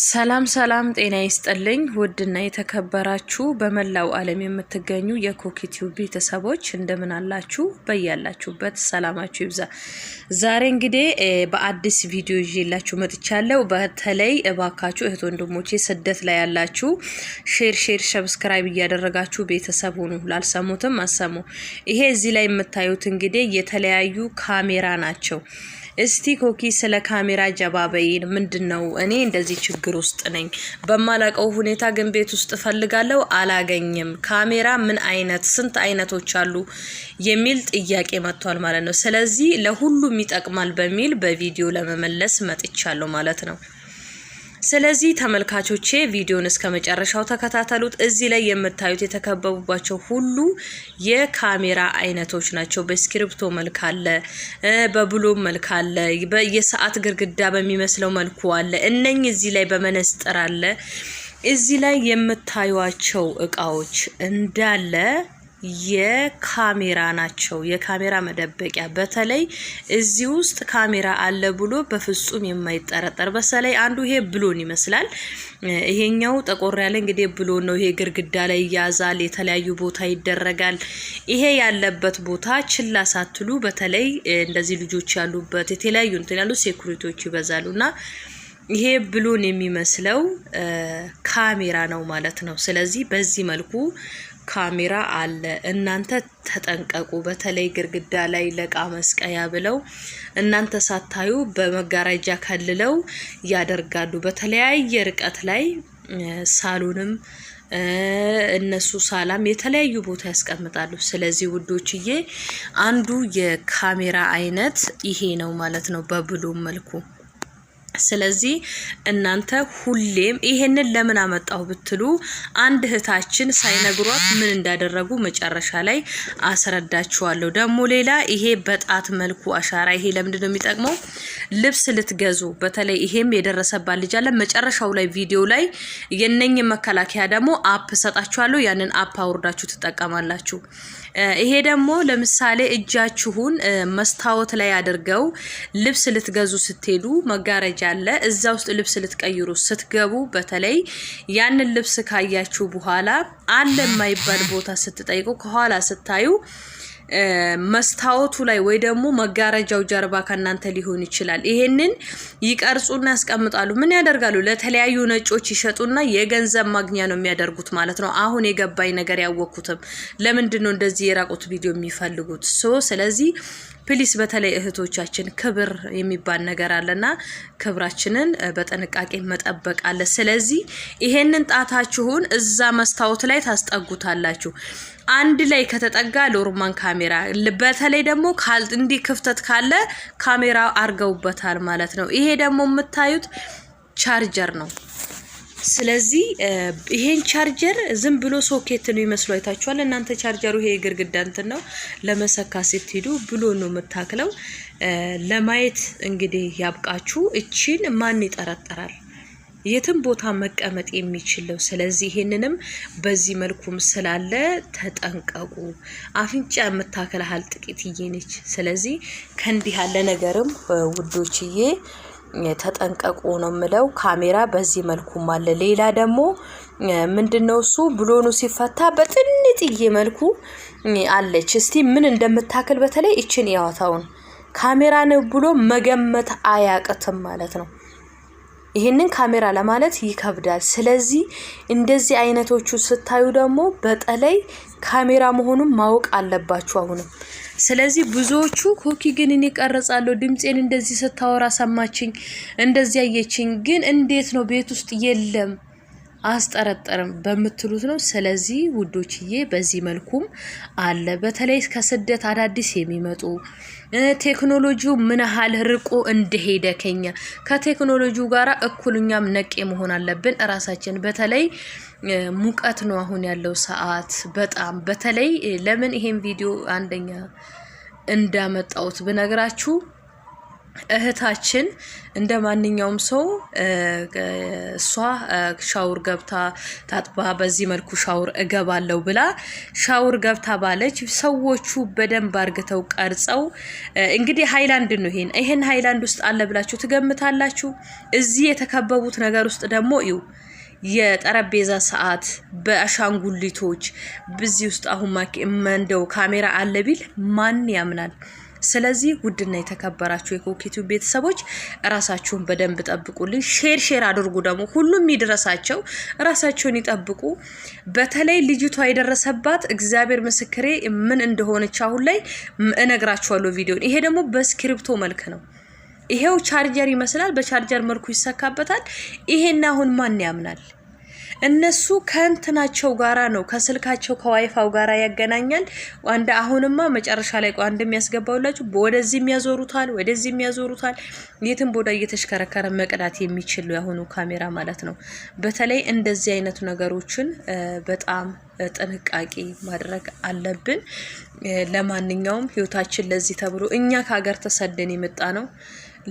ሰላም ሰላም፣ ጤና ይስጥልኝ ውድና የተከበራችሁ በመላው ዓለም የምትገኙ የኮክቲው ቤተሰቦች እንደምን አላችሁ? በያላችሁበት ሰላማችሁ ይብዛ። ዛሬ እንግዲህ በአዲስ ቪዲዮ ይዤላችሁ መጥቻለሁ። በተለይ እባካችሁ እህት ወንድሞቼ፣ ስደት ላይ ያላችሁ ሼር ሼር ሰብስክራይብ እያደረጋችሁ ቤተሰብ ሁኑ። ላልሰሙትም አሰሙ። ይሄ እዚህ ላይ የምታዩት እንግዲህ የተለያዩ ካሜራ ናቸው እስቲ ኮኪ ስለ ካሜራ ጀባበይን ምንድን ነው? እኔ እንደዚህ ችግር ውስጥ ነኝ። በማላቀው ሁኔታ ግን ቤት ውስጥ እፈልጋለሁ፣ አላገኝም። ካሜራ ምን አይነት ስንት አይነቶች አሉ የሚል ጥያቄ መጥቷል ማለት ነው። ስለዚህ ለሁሉም ይጠቅማል በሚል በቪዲዮ ለመመለስ መጥቻለሁ ማለት ነው። ስለዚህ ተመልካቾቼ ቪዲዮን እስከ መጨረሻው ተከታተሉት። እዚህ ላይ የምታዩት የተከበቡባቸው ሁሉ የካሜራ አይነቶች ናቸው። በስክሪፕቶ መልክ አለ፣ በብሎም መልክ አለ፣ የሰዓት ግርግዳ በሚመስለው መልኩ አለ። እነኝ እዚህ ላይ በመነስጥር አለ። እዚህ ላይ የምታዩቸው እቃዎች እንዳለ የካሜራ ናቸው። የካሜራ መደበቂያ በተለይ እዚህ ውስጥ ካሜራ አለ ብሎ በፍጹም የማይጠረጠር በተለይ አንዱ ይሄ ብሎን ይመስላል። ይሄኛው ጠቆር ያለ እንግዲህ ብሎን ነው። ይሄ ግርግዳ ላይ ይያዛል፣ የተለያዩ ቦታ ይደረጋል። ይሄ ያለበት ቦታ ችላ ሳትሉ በተለይ እንደዚህ ልጆች ያሉበት የተለያዩ እንትን ያሉ ሴኩሪቲዎች ይበዛሉ እና ይሄ ብሎን የሚመስለው ካሜራ ነው ማለት ነው። ስለዚህ በዚህ መልኩ ካሜራ አለ። እናንተ ተጠንቀቁ፣ በተለይ ግርግዳ ላይ ለቃ መስቀያ ብለው እናንተ ሳታዩ በመጋረጃ ከልለው ያደርጋሉ። በተለያየ ርቀት ላይ ሳሎንም እነሱ ሳላም የተለያዩ ቦታ ያስቀምጣሉ። ስለዚህ ውዶችዬ አንዱ የካሜራ አይነት ይሄ ነው ማለት ነው በብሉም መልኩ ስለዚህ እናንተ ሁሌም ይሄንን ለምን አመጣሁ ብትሉ አንድ እህታችን ሳይነግሯት ምን እንዳደረጉ መጨረሻ ላይ አስረዳችኋለሁ። ደግሞ ሌላ ይሄ በጣት መልኩ አሻራ፣ ይሄ ለምንድን ነው የሚጠቅመው? ልብስ ልትገዙ በተለይ ይሄም የደረሰባት ልጅ አለ። መጨረሻው ላይ ቪዲዮ ላይ የነኝ መከላከያ ደግሞ አፕ ሰጣችኋለሁ። ያንን አፕ አውርዳችሁ ትጠቀማላችሁ። ይሄ ደግሞ ለምሳሌ እጃችሁን መስታወት ላይ አድርገው ልብስ ልትገዙ ስትሄዱ መጋረጃ አለ። እዛ ውስጥ ልብስ ልትቀይሩ ስትገቡ በተለይ ያንን ልብስ ካያችሁ በኋላ አለ የማይባል ቦታ ስትጠይቁ ከኋላ ስታዩ መስታወቱ ላይ ወይ ደግሞ መጋረጃው ጀርባ ከእናንተ ሊሆን ይችላል። ይሄንን ይቀርጹና ያስቀምጣሉ። ምን ያደርጋሉ? ለተለያዩ ነጮች ይሸጡና የገንዘብ ማግኛ ነው የሚያደርጉት ማለት ነው። አሁን የገባኝ ነገር ያወቅኩትም ለምንድን ነው እንደዚህ የራቁት ቪዲዮ የሚፈልጉት ሶ ስለዚህ ፕሊስ በተለይ እህቶቻችን ክብር የሚባል ነገር አለና ክብራችንን በጥንቃቄ መጠበቅ አለ። ስለዚህ ይሄንን ጣታችሁን እዛ መስታወት ላይ ታስጠጉታላችሁ። አንድ ላይ ከተጠጋ ሎርማን ካሜራ በተለይ ደግሞ እንዲህ ክፍተት ካለ ካሜራ አርገውበታል ማለት ነው። ይሄ ደግሞ የምታዩት ቻርጀር ነው። ስለዚህ ይሄን ቻርጀር ዝም ብሎ ሶኬት ነው ይመስሉ አይታችኋል እናንተ። ቻርጀሩ ይሄ ግድግዳ እንትን ነው ለመሰካ ስትሄዱ ብሎ ነው የምታክለው። ለማየት እንግዲህ ያብቃችሁ። እቺን ማን ይጠረጠራል? የትም ቦታ መቀመጥ የሚችለው። ስለዚህ ይህንንም በዚህ መልኩም ስላለ ተጠንቀቁ። አፍንጫ የምታከልሃል ጥቂትዬ ነች። ስለዚህ ከእንዲህ ያለ ነገርም ውዶችዬ ተጠንቀቁ ነው የምለው። ካሜራ በዚህ መልኩም አለ። ሌላ ደግሞ ምንድነው እሱ ብሎኑ ሲፈታ በጥንጥዬ መልኩ አለች። እስቲ ምን እንደምታክል በተለይ እችን ያዋታውን ነው ብሎ መገመት አያቅትም ማለት ነው። ይህንን ካሜራ ለማለት ይከብዳል። ስለዚህ እንደዚህ አይነቶቹ ስታዩ ደግሞ በተለይ ካሜራ መሆኑን ማወቅ አለባችሁ አሁንም። ስለዚህ ብዙዎቹ ኮኪ ግን እኔ ቀረጻለሁ ድምፄን እንደዚህ ስታወራ ሰማችኝ፣ እንደዚህ አየችኝ፣ ግን እንዴት ነው ቤት ውስጥ የለም አስጠረጠርም በምትሉት ነው። ስለዚህ ውዶችዬ በዚህ መልኩም አለ። በተለይ ከስደት አዳዲስ የሚመጡ ቴክኖሎጂው ምን ያህል ርቆ እንደሄደ ከኛ ከቴክኖሎጂው ጋር እኩልኛም ነቄ መሆን አለብን እራሳችን። በተለይ ሙቀት ነው አሁን ያለው ሰዓት በጣም በተለይ ለምን ይሄን ቪዲዮ አንደኛ እንዳመጣሁት ብነግራችሁ እህታችን እንደ ማንኛውም ሰው እሷ ሻውር ገብታ ታጥባ በዚህ መልኩ ሻውር እገባለሁ ብላ ሻውር ገብታ ባለች ሰዎቹ በደንብ አርግተው ቀርጸው እንግዲህ ሀይላንድ ነው ይሄን ይሄን ሀይላንድ ውስጥ አለ ብላችሁ ትገምታላችሁ። እዚህ የተከበቡት ነገር ውስጥ ደግሞ እዩ የጠረጴዛ ሰዓት በአሻንጉሊቶች ብዚህ ውስጥ አሁን እንደው ካሜራ አለ ቢል ማን ያምናል? ስለዚህ ውድና የተከበራችሁ የኮኬቱ ቤተሰቦች ራሳችሁን በደንብ ጠብቁልኝ። ሼር ሼር አድርጉ ደግሞ ሁሉም ይድረሳቸው፣ ራሳቸውን ይጠብቁ። በተለይ ልጅቷ የደረሰባት እግዚአብሔር ምስክሬ ምን እንደሆነች አሁን ላይ እነግራችኋለሁ ቪዲዮን። ይሄ ደግሞ በስክሪፕቶ መልክ ነው። ይሄው ቻርጀር ይመስላል፣ በቻርጀር መልኩ ይሰካበታል። ይሄና አሁን ማን ያምናል? እነሱ ከእንትናቸው ጋራ ነው ከስልካቸው ከዋይፋው ጋራ ያገናኛል። አንድ አሁንማ መጨረሻ ላይ አንድ የሚያስገባውላችሁ ወደዚህም ያዞሩታል፣ ወደዚህም ያዞሩታል። የትም ቦታ እየተሽከረከረ መቅዳት የሚችል ያሁኑ ካሜራ ማለት ነው። በተለይ እንደዚህ አይነቱ ነገሮችን በጣም ጥንቃቄ ማድረግ አለብን። ለማንኛውም ህይወታችን ለዚህ ተብሎ እኛ ከሀገር ተሰደን የመጣ ነው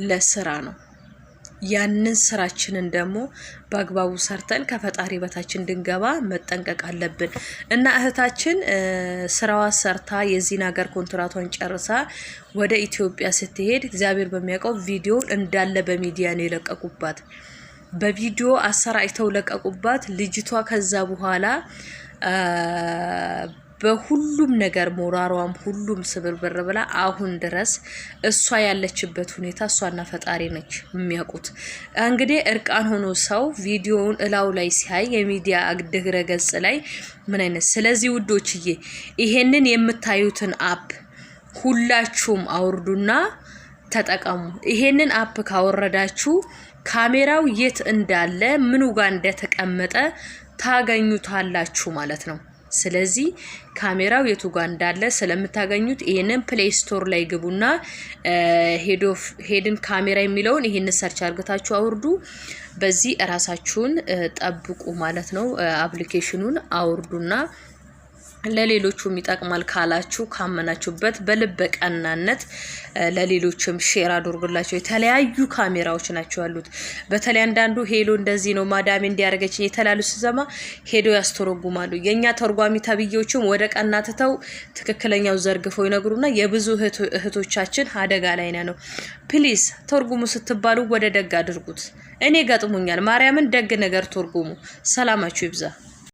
ለስራ ነው። ያንን ስራችንን ደግሞ በአግባቡ ሰርተን ከፈጣሪ በታች እንድንገባ መጠንቀቅ አለብን እና እህታችን ስራዋ ሰርታ የዚህን ሀገር ኮንትራቷን ጨርሳ ወደ ኢትዮጵያ ስትሄድ እግዚአብሔር በሚያውቀው ቪዲዮ እንዳለ በሚዲያ ነው የለቀቁባት። በቪዲዮ አሰራጭተው ለቀቁባት። ልጅቷ ከዛ በኋላ በሁሉም ነገር ሞራሯም ሁሉም ስብርብር ብላ አሁን ድረስ እሷ ያለችበት ሁኔታ እሷና ፈጣሪ ነች የሚያውቁት። እንግዲህ እርቃን ሆኖ ሰው ቪዲዮውን እላው ላይ ሲያይ የሚዲያ ድህረ ገጽ ላይ ምን አይነት። ስለዚህ ውዶችዬ ይሄንን የምታዩትን አፕ ሁላችሁም አውርዱና ተጠቀሙ። ይሄንን አፕ ካወረዳችሁ ካሜራው የት እንዳለ ምኑ ጋር እንደተቀመጠ ታገኙታላችሁ ማለት ነው። ስለዚህ ካሜራው የቱ ጋር እንዳለ ስለምታገኙት ይህንን ፕሌይ ስቶር ላይ ግቡና ሄድን ካሜራ የሚለውን ይህንን ሰርች አርግታችሁ አውርዱ። በዚህ እራሳችሁን ጠብቁ ማለት ነው። አፕሊኬሽኑን አውርዱና ለሌሎቹም ይጠቅማል ካላችሁ ካመናችሁበት በልበ ቀናነት ለሌሎችም ሼር አድርጉላቸው። የተለያዩ ካሜራዎች ናቸው ያሉት። በተለይ አንዳንዱ ሄሎ እንደዚህ ነው ማዳሜ እንዲያደርገችኝ የተላሉ ስሰማ ሄዶ ያስተረጉማሉ። የእኛ ተርጓሚ ተብዬዎችም ወደ ቀና ትተው ትክክለኛው ዘርግፈው ይነግሩና የብዙ እህቶቻችን አደጋ ላይ ነው። ፕሊዝ ተርጉሙ ስትባሉ ወደ ደግ አድርጉት። እኔ ገጥሞኛል። ማርያምን ደግ ነገር ተርጉሙ። ሰላማችሁ ይብዛ።